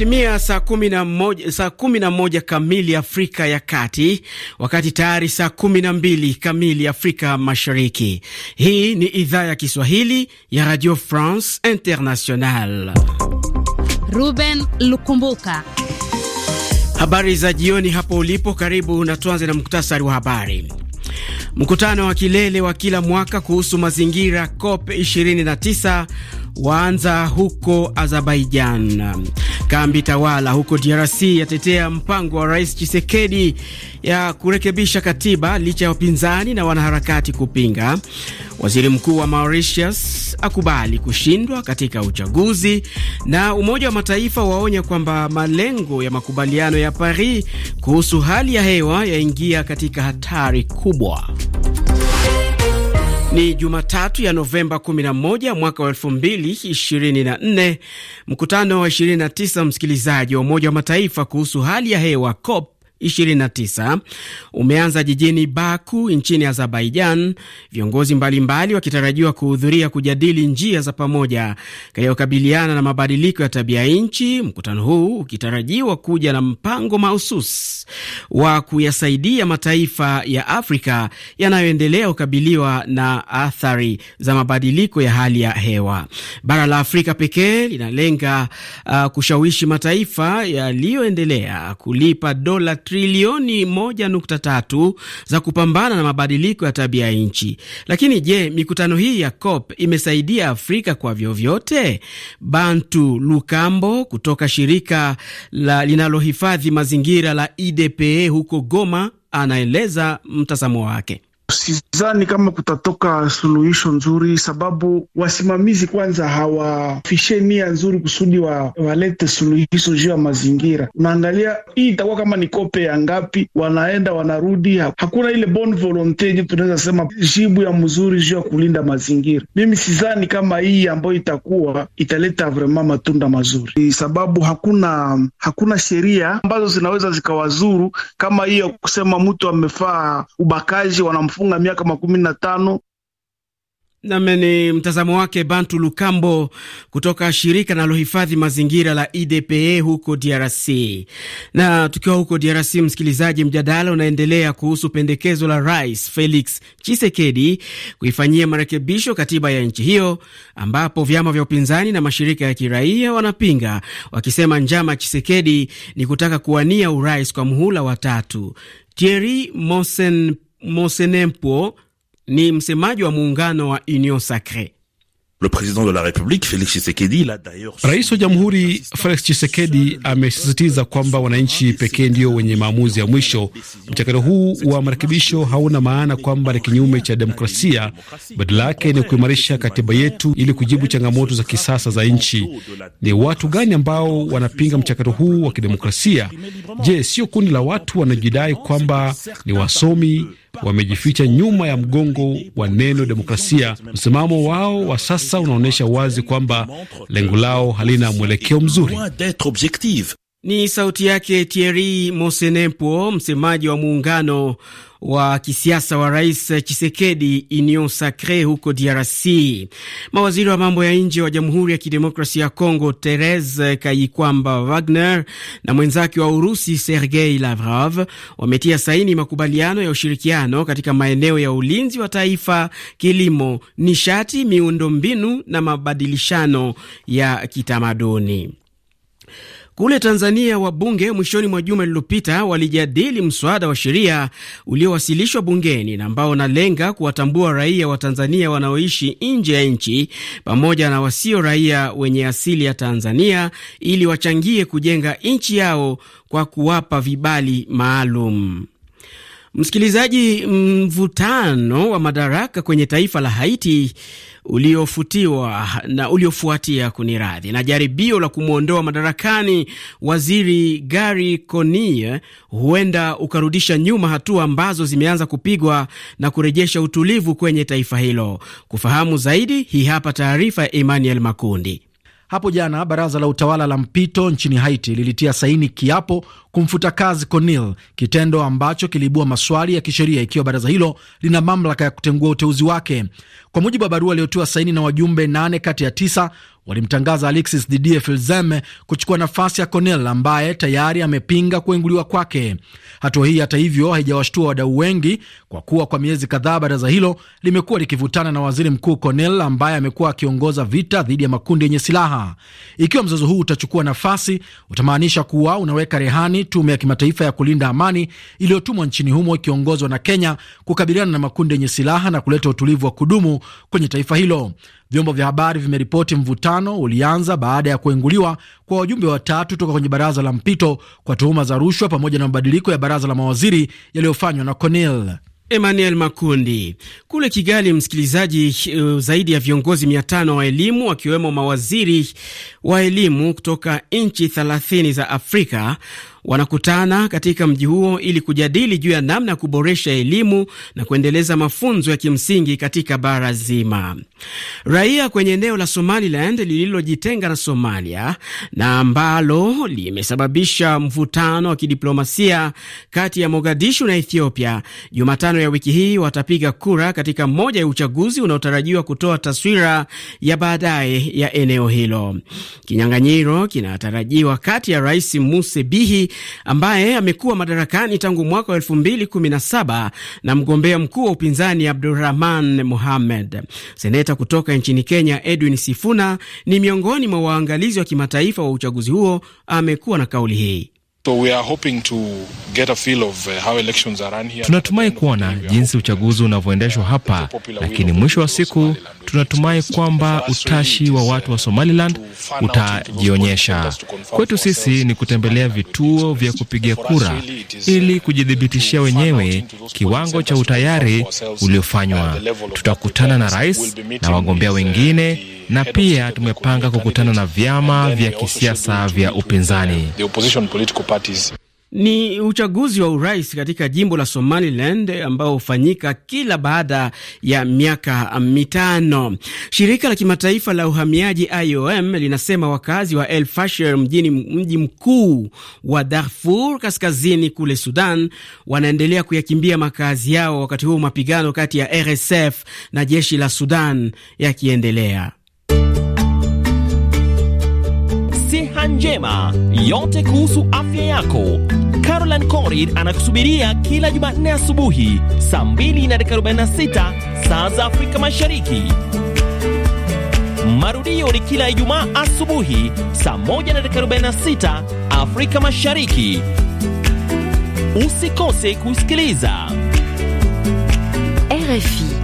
Imetimia saa kumi na moja, saa kumi na moja kamili Afrika ya Kati, wakati tayari saa kumi na mbili kamili Afrika Mashariki. Hii ni idhaa ya Kiswahili ya Radio France International. Ruben Lukumbuka, habari za jioni hapo ulipo. Karibu na tuanze na muktasari wa habari. Mkutano wa kilele wa kila mwaka kuhusu mazingira COP 29 waanza huko Azerbaijan. Kambi tawala huko DRC yatetea mpango wa Rais chisekedi ya kurekebisha katiba licha ya wapinzani na wanaharakati kupinga. Waziri Mkuu wa Mauritius akubali kushindwa katika uchaguzi, na Umoja wa Mataifa waonya kwamba malengo ya makubaliano ya Paris kuhusu hali ya hewa yaingia katika hatari kubwa. Ni Jumatatu ya Novemba 11 mwaka wa 2024. Mkutano wa 29 msikilizaji wa Umoja wa Mataifa kuhusu hali ya hewa COP 29 umeanza jijini Baku nchini Azerbaijan, viongozi mbalimbali wakitarajiwa kuhudhuria kujadili njia za pamoja katika kukabiliana na mabadiliko ya tabia nchi, mkutano huu ukitarajiwa kuja na mpango mahususi wa kuyasaidia mataifa ya Afrika yanayoendelea kukabiliwa na athari za mabadiliko ya hali ya hewa. Bara la Afrika pekee linalenga uh, kushawishi mataifa yaliyoendelea kulipa dola trilioni 1.3 za kupambana na mabadiliko ya tabia nchi. Lakini je, mikutano hii ya COP imesaidia Afrika kwa vyovyote? Bantu Lukambo kutoka shirika la linalohifadhi mazingira la IDPE huko Goma anaeleza mtazamo wake sizani kama kutatoka suluhisho nzuri, sababu wasimamizi kwanza hawafishe nia nzuri kusudi wa, walete suluhisho juu ya mazingira. Unaangalia hii itakuwa kama ni kope ya ngapi, wanaenda wanarudi, hakuna ile bon volonte tunaweza sema jibu ya mzuri juu ya kulinda mazingira. Mimi sizani kama hii ambayo itakuwa italeta vrema matunda mazuri, sababu hakuna hakuna sheria ambazo zinaweza zikawazuru kama hiyo kusema mtu amefaa ubakaji wanamfu kufunga miaka makumi na tano. Nami ni mtazamo wake Bantu Lukambo kutoka shirika linalohifadhi mazingira la IDPE huko DRC. Na tukiwa huko DRC, msikilizaji, mjadala unaendelea kuhusu pendekezo la Rais Felix chisekedi kuifanyia marekebisho katiba ya nchi hiyo, ambapo vyama vya upinzani na mashirika ya kiraia wanapinga wakisema njama chisekedi ni kutaka kuwania urais kwa muhula wa tatu. Thierry Mosen ni msemaji wa muungano wa Union Sacre. Rais wa Jamhuri Felix chisekedi amesisitiza kwamba wananchi pekee ndio wenye maamuzi ya mwisho. Mchakato huu wa marekebisho hauna maana kwamba ni kinyume cha demokrasia, badala yake ni kuimarisha katiba yetu ili kujibu changamoto za kisasa za nchi. Ni watu gani ambao wanapinga mchakato huu wa kidemokrasia? Je, sio kundi la watu wanaojidai kwamba ni wasomi wamejificha nyuma ya mgongo wa neno demokrasia. Msimamo wao wa sasa unaonyesha wazi kwamba lengo lao halina mwelekeo mzuri. Ni sauti yake Thierry Mosenepo, msemaji wa muungano wa kisiasa wa Rais Chisekedi, Union Sacre huko DRC. Mawaziri wa mambo ya nje wa Jamhuri ya Kidemokrasia ya Kongo, Therese Kayikwamba Wagner, na mwenzake wa Urusi, Sergei Lavrov, wametia saini makubaliano ya ushirikiano katika maeneo ya ulinzi wa taifa, kilimo, nishati, miundombinu na mabadilishano ya kitamaduni. Kule Tanzania, wabunge mwishoni mwa juma lililopita walijadili mswada wa sheria uliowasilishwa bungeni na ambao unalenga kuwatambua raia wa Tanzania wanaoishi nje ya nchi pamoja na wasio raia wenye asili ya Tanzania ili wachangie kujenga nchi yao kwa kuwapa vibali maalum. Msikilizaji, mvutano wa madaraka kwenye taifa la Haiti uliofutiwa na uliofuatia kuniradhi, na jaribio la kumwondoa madarakani waziri Gary Conille eh, huenda ukarudisha nyuma hatua ambazo zimeanza kupigwa na kurejesha utulivu kwenye taifa hilo. Kufahamu zaidi, hii hapa taarifa ya Emmanuel Makundi. Hapo jana baraza la utawala la mpito nchini Haiti lilitia saini kiapo kumfuta kazi Conil, kitendo ambacho kiliibua maswali ya kisheria ikiwa baraza hilo lina mamlaka ya kutengua uteuzi wake. Kwa mujibu wa barua aliyotiwa saini na wajumbe nane kati ya tisa, walimtangaza Alexis Didier Filzeme kuchukua nafasi ya Cornel ambaye tayari amepinga kuenguliwa kwake. Hatua hii hata hivyo haijawashtua wadau wengi, kwa kuwa kwa miezi kadhaa baraza hilo limekuwa likivutana na waziri mkuu Cornel ambaye amekuwa akiongoza vita dhidi ya makundi yenye silaha. Ikiwa mzozo huu utachukua nafasi, utamaanisha kuwa unaweka rehani tume ya kimataifa ya kulinda amani iliyotumwa nchini humo ikiongozwa na Kenya kukabiliana na makundi yenye silaha na kuleta utulivu wa kudumu kwenye taifa hilo. Vyombo vya habari vimeripoti mvutano ulianza baada ya kuenguliwa kwa wajumbe watatu toka kwenye baraza la mpito kwa tuhuma za rushwa pamoja na mabadiliko ya baraza la mawaziri yaliyofanywa na Cornel Emmanuel Makundi kule Kigali. Msikilizaji, uh, zaidi ya viongozi mia tano wa elimu wakiwemo mawaziri wa elimu kutoka nchi thelathini za Afrika wanakutana katika mji huo ili kujadili juu ya namna ya kuboresha elimu na kuendeleza mafunzo ya kimsingi katika bara zima. Raia kwenye eneo la Somaliland lililojitenga na Somalia na ambalo limesababisha mvutano wa kidiplomasia kati ya Mogadishu na Ethiopia, Jumatano ya wiki hii watapiga kura katika moja ya uchaguzi unaotarajiwa kutoa taswira ya baadaye ya eneo hilo. Kinyang'anyiro kinatarajiwa kati ya Rais Muse Bihi ambaye amekuwa madarakani tangu mwaka wa elfu mbili kumi na saba na mgombea mkuu wa upinzani Abdurahman Mohamed. Seneta kutoka nchini Kenya Edwin Sifuna ni miongoni mwa waangalizi wa kimataifa wa uchaguzi huo, amekuwa na kauli hii. So we are hoping to get a feel of uh, how elections are run here. Tunatumai kuona jinsi uchaguzi unavyoendeshwa hapa, lakini mwisho wa siku tunatumai kwamba utashi wa uh, watu wa Somaliland utajionyesha. Kwetu sisi ni kutembelea vituo vya kupiga kura ili uh, kujithibitishia wenyewe kiwango cha utayari uliofanywa. Tutakutana na rais na wagombea wengine na pia tumepanga kukutana na vyama vya kisiasa vya upinzani. Ni uchaguzi wa urais katika jimbo la Somaliland ambao hufanyika kila baada ya miaka mitano. Shirika la kimataifa la uhamiaji IOM linasema wakazi wa El Fasher, mjini mji mkuu wa Darfur kaskazini kule Sudan, wanaendelea kuyakimbia makazi yao, wakati huo mapigano kati ya RSF na jeshi la Sudan yakiendelea. Siha Njema, yote kuhusu afya yako. Caroline corid anakusubiria kila Jumanne asubuhi saa 246 saa za Afrika Mashariki. Marudio ni kila Ijumaa asubuhi saa 146 Afrika Mashariki. Usikose kusikiliza RFI.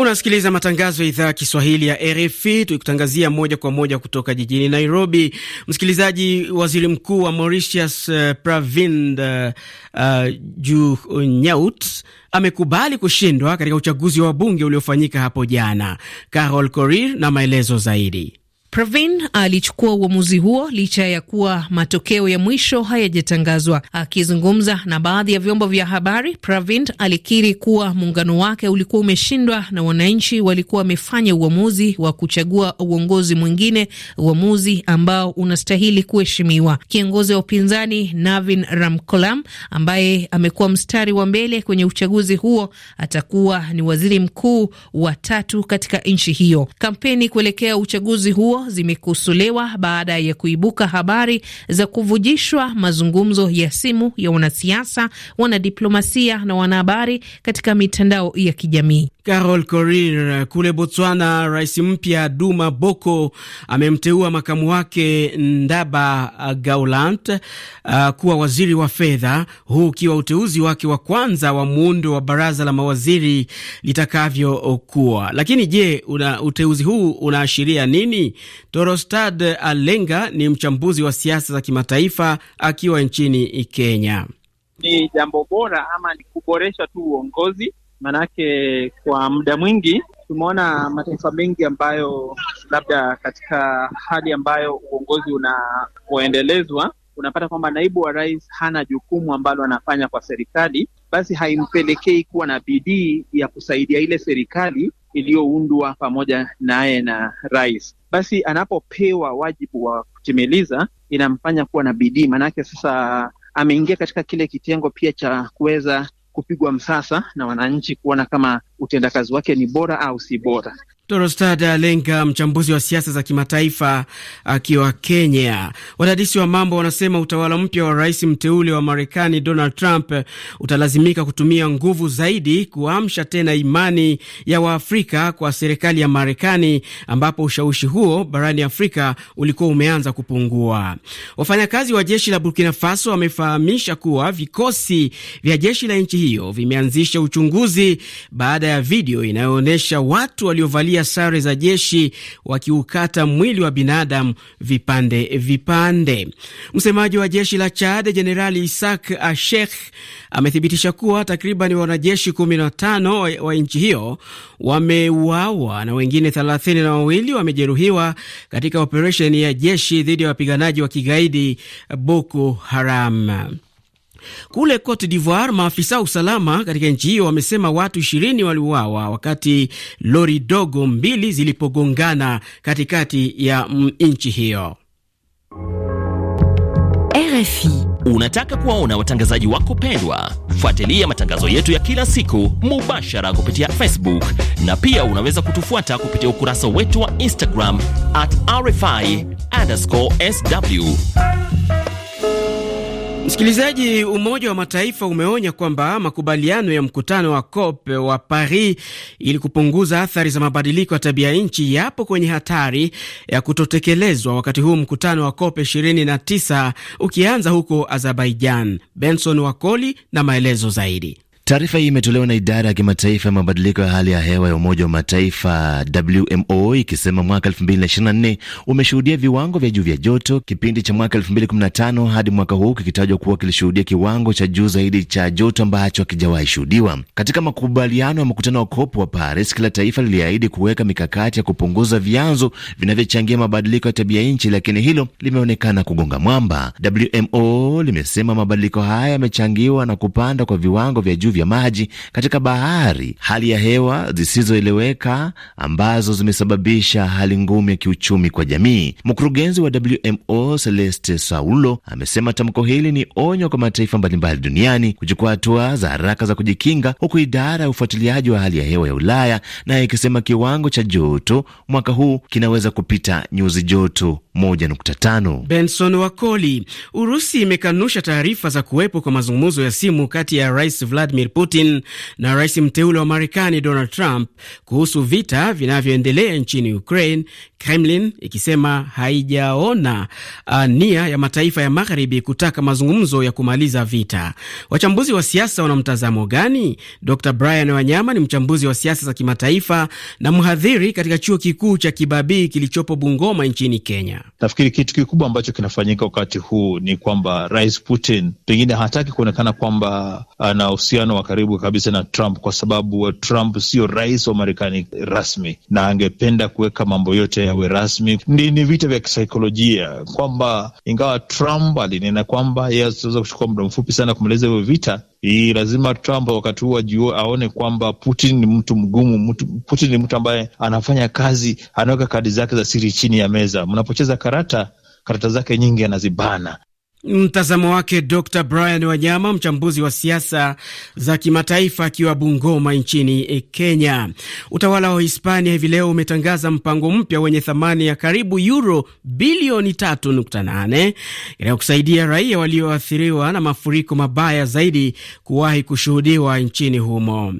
Unasikiliza matangazo ya idhaa ya Kiswahili ya RFI tukutangazia moja kwa moja kutoka jijini Nairobi. Msikilizaji, waziri mkuu wa Mauritius uh, Pravind uh, uh Junyaut amekubali kushindwa katika uchaguzi wa bunge uliofanyika hapo jana. Carol Korir na maelezo zaidi. Pravin alichukua uamuzi huo licha ya kuwa matokeo ya mwisho hayajatangazwa. Akizungumza na baadhi ya vyombo vya habari, Pravin alikiri kuwa muungano wake ulikuwa umeshindwa na wananchi walikuwa wamefanya uamuzi wa kuchagua uongozi mwingine, uamuzi ambao unastahili kuheshimiwa. Kiongozi wa upinzani Navin Ramkolam, ambaye amekuwa mstari wa mbele kwenye uchaguzi huo, atakuwa ni waziri mkuu wa tatu katika nchi hiyo. Kampeni kuelekea uchaguzi huo huo zimekosolewa baada ya kuibuka habari za kuvujishwa mazungumzo ya simu ya wanasiasa, wanadiplomasia na wanahabari katika mitandao ya kijamii. Carol Korir. Kule Botswana, rais mpya Duma Boko amemteua makamu wake Ndaba Gaulant uh, kuwa waziri wa fedha, huu ukiwa uteuzi wake wa kwanza wa muundo wa baraza la mawaziri litakavyokuwa. Lakini je, una, uteuzi huu unaashiria nini? torostad Alenga ni mchambuzi wa siasa za kimataifa akiwa nchini Kenya. Ni jambo bora ama ni kuboresha tu uongozi, maanake kwa muda mwingi tumeona mataifa mengi ambayo labda katika hali ambayo uongozi unapoendelezwa unapata kwamba naibu wa rais hana jukumu ambalo anafanya kwa serikali, basi haimpelekei kuwa na bidii ya kusaidia ile serikali iliyoundwa pamoja naye na rais. Basi anapopewa wajibu wa kutimiliza, inamfanya kuwa na bidii, maanake sasa ameingia katika kile kitengo pia cha kuweza kupigwa msasa na wananchi kuona kama utendakazi wake ni bora au si bora. Torostad Alenga, mchambuzi wa siasa za kimataifa akiwa Kenya. Wadadisi wa mambo wanasema utawala mpya wa rais mteule wa Marekani Donald Trump utalazimika kutumia nguvu zaidi kuamsha tena imani ya Waafrika kwa serikali ya Marekani, ambapo ushawishi huo barani Afrika ulikuwa umeanza kupungua. Wafanyakazi wa jeshi la Burkina Faso wamefahamisha kuwa vikosi vya jeshi la nchi hiyo vimeanzisha uchunguzi baada ya video inayoonyesha watu waliovalia waliovalia sare za jeshi wakiukata mwili wa binadamu vipande vipande. Msemaji wa jeshi la Chad Jenerali Isak Ashekh amethibitisha kuwa takriban wanajeshi 15 wa nchi hiyo wameuawa na wengine thelathini na wawili wamejeruhiwa katika operesheni ya jeshi dhidi ya wapiganaji wa kigaidi Boko Haram. Kule Cote d'Ivoire, maafisa usalama katika nchi hiyo wamesema watu ishirini waliuawa wakati lori dogo mbili zilipogongana katikati ya mm, nchi hiyo. RFI. Unataka kuwaona watangazaji wako pendwa? Fuatilia matangazo yetu ya kila siku mubashara kupitia Facebook na pia unaweza kutufuata kupitia ukurasa wetu wa Instagram at sw Msikilizaji, Umoja wa Mataifa umeonya kwamba makubaliano ya mkutano wa COP wa Paris ili kupunguza athari za mabadiliko ya tabia nchi yapo kwenye hatari ya kutotekelezwa, wakati huu mkutano wa COP 29 ukianza huko Azerbaijan. Benson Wakoli na maelezo zaidi. Taarifa hii imetolewa na idara ya kimataifa ya mabadiliko ya hali ya hewa ya Umoja wa Mataifa WMO ikisema mwaka 2024 umeshuhudia viwango vya juu vya joto, kipindi cha mwaka 2015 hadi mwaka huu kikitajwa kuwa kilishuhudia kiwango cha juu zaidi cha joto ambacho hakijawahi shuhudiwa. Katika makubaliano ya mkutano wa COP wa Paris, kila taifa liliahidi kuweka mikakati ya kupunguza vyanzo vinavyochangia mabadiliko ya tabia nchi, lakini hilo limeonekana kugonga mwamba. WMO limesema mabadiliko haya yamechangiwa na kupanda kwa viwango vya juu vya maji katika bahari, hali ya hewa zisizoeleweka ambazo zimesababisha hali ngumu ya kiuchumi kwa jamii. Mkurugenzi wa WMO Celeste Saulo amesema tamko hili ni onyo kwa mataifa mbalimbali duniani kuchukua hatua za haraka za kujikinga, huku idara ya ufuatiliaji wa hali ya hewa ya Ulaya naye ikisema kiwango cha joto mwaka huu kinaweza kupita nyuzi joto 1.5. Benson Wakoli. Urusi imekanusha taarifa za kuwepo kwa mazungumzo ya simu kati ya Rais Vladimir Putin na rais mteule wa Marekani Donald Trump kuhusu vita vinavyoendelea nchini Ukraine, Kremlin ikisema haijaona uh, nia ya mataifa ya magharibi kutaka mazungumzo ya kumaliza vita. Wachambuzi wa siasa wana mtazamo gani? Dr Brian Wanyama ni mchambuzi wa siasa za kimataifa na mhadhiri katika chuo kikuu cha Kibabii kilichopo Bungoma nchini Kenya. Nafikiri kitu kikubwa ambacho kinafanyika wakati huu ni kwamba Rais Putin pengine hataki kuonekana kwamba ana uhusiano uhusiano wa karibu kabisa na Trump kwa sababu Trump sio rais wa Marekani rasmi na angependa kuweka mambo yote yawe rasmi. Ni, ni vita vya kisaikolojia kwamba ingawa Trump alinena kwamba yeye ataweza kuchukua muda mfupi sana kumaliza hivyo vita hii lazima Trump wakati huo ajuo aone kwamba Putin ni mtu mgumu mtu, Putin ni mtu ambaye anafanya kazi, anaweka kadi zake za siri chini ya meza. Mnapocheza karata, karata zake nyingi anazibana. Mtazamo wake Dr Brian Wanyama, mchambuzi wa siasa za kimataifa akiwa Bungoma nchini Kenya. Utawala wa Hispania hivi leo umetangaza mpango mpya wenye thamani ya karibu euro bilioni 3.8 inayokusaidia raia walioathiriwa na mafuriko mabaya zaidi kuwahi kushuhudiwa nchini humo.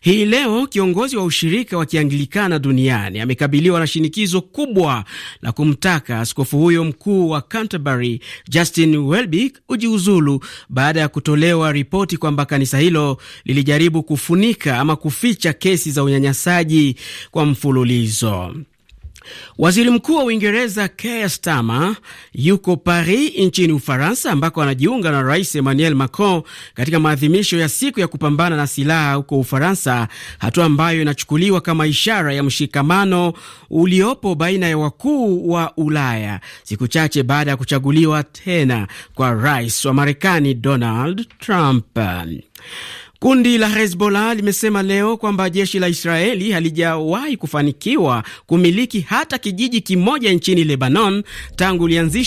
Hii leo kiongozi wa ushirika wa kianglikana duniani amekabiliwa na shinikizo kubwa la kumtaka askofu huyo mkuu wa Canterbury Justin Welbeck ujiuzulu baada ya kutolewa ripoti kwamba kanisa hilo lilijaribu kufunika ama kuficha kesi za unyanyasaji kwa mfululizo. Waziri Mkuu wa Uingereza Keir Starmer yuko Paris nchini Ufaransa, ambako anajiunga na Rais Emmanuel Macron katika maadhimisho ya siku ya kupambana na silaha huko Ufaransa, hatua ambayo inachukuliwa kama ishara ya mshikamano uliopo baina ya wakuu wa Ulaya, siku chache baada ya kuchaguliwa tena kwa rais wa Marekani Donald Trump. Kundi la Hezbollah limesema leo kwamba jeshi la Israeli halijawahi kufanikiwa kumiliki hata kijiji kimoja nchini Lebanon tangu lianzishwa